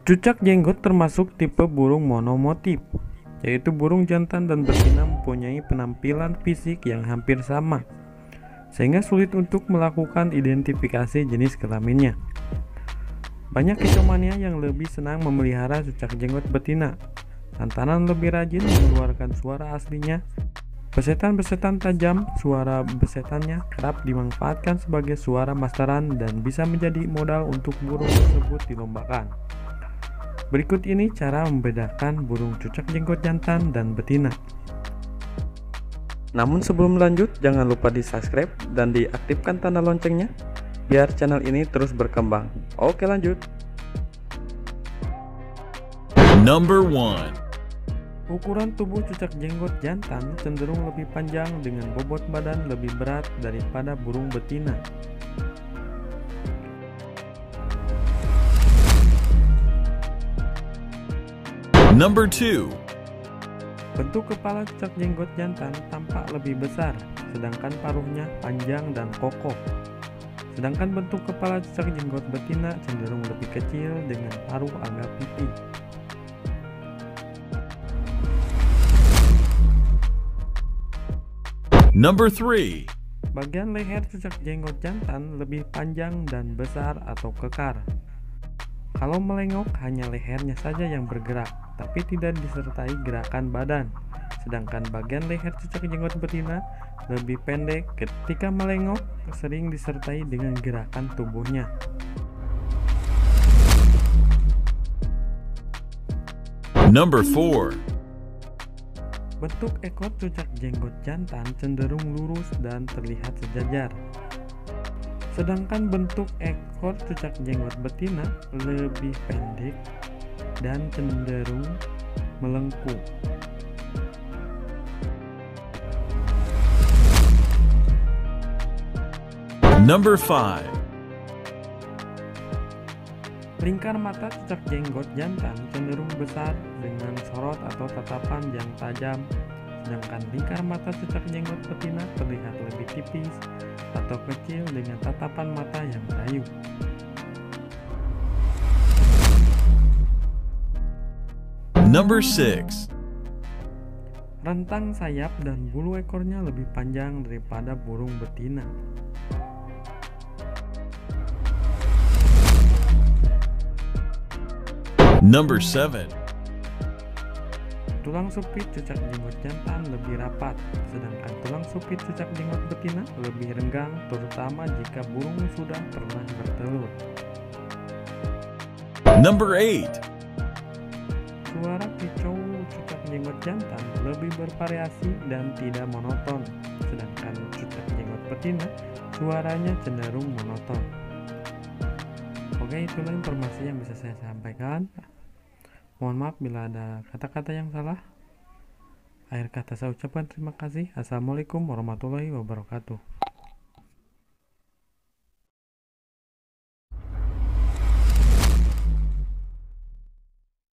Cucak jenggot termasuk tipe burung monomotif, yaitu burung jantan dan betina mempunyai penampilan fisik yang hampir sama, sehingga sulit untuk melakukan identifikasi jenis kelaminnya. Banyak kecomania yang lebih senang memelihara cucak jenggot betina, lantaran lebih rajin mengeluarkan suara aslinya. Besetan-besetan tajam, suara besetannya kerap dimanfaatkan sebagai suara masteran dan bisa menjadi modal untuk burung tersebut dilombakan. Berikut ini cara membedakan burung cucak jenggot jantan dan betina. Namun sebelum lanjut, jangan lupa di subscribe dan diaktifkan tanda loncengnya, biar channel ini terus berkembang. Oke lanjut. Number one. Ukuran tubuh cucak jenggot jantan cenderung lebih panjang dengan bobot badan lebih berat daripada burung betina. Number 2 Bentuk kepala cicak jenggot jantan tampak lebih besar, sedangkan paruhnya panjang dan kokoh. Sedangkan bentuk kepala cicak jenggot betina cenderung lebih kecil dengan paruh agak pipih. Number 3 Bagian leher cicak jenggot jantan lebih panjang dan besar atau kekar, kalau melengok hanya lehernya saja yang bergerak, tapi tidak disertai gerakan badan. Sedangkan bagian leher cicak jenggot betina lebih pendek ketika melengok sering disertai dengan gerakan tubuhnya. Number 4 Bentuk ekor cucak jenggot jantan cenderung lurus dan terlihat sejajar, Sedangkan bentuk ekor cucak jenggot betina lebih pendek dan cenderung melengkung. Number 5 Lingkar mata cucak jenggot jantan cenderung besar dengan sorot atau tatapan yang tajam sedangkan lingkar mata cucak jenggot betina terlihat lebih tipis atau kecil dengan tatapan mata yang merayu. Number 6 Rentang sayap dan bulu ekornya lebih panjang daripada burung betina. Number 7 Tulang supit cucak jenggot jantan lebih rapat, sedangkan tulang supit cucak jenggot betina lebih renggang, terutama jika burung sudah pernah bertelur. Number 8 Suara kicau cucak jenggot jantan lebih bervariasi dan tidak monoton, sedangkan cucak jenggot betina suaranya cenderung monoton. Oke, itulah informasi yang bisa saya sampaikan. Mohon maaf bila ada kata-kata yang salah. Akhir kata saya ucapkan terima kasih. Assalamualaikum warahmatullahi wabarakatuh.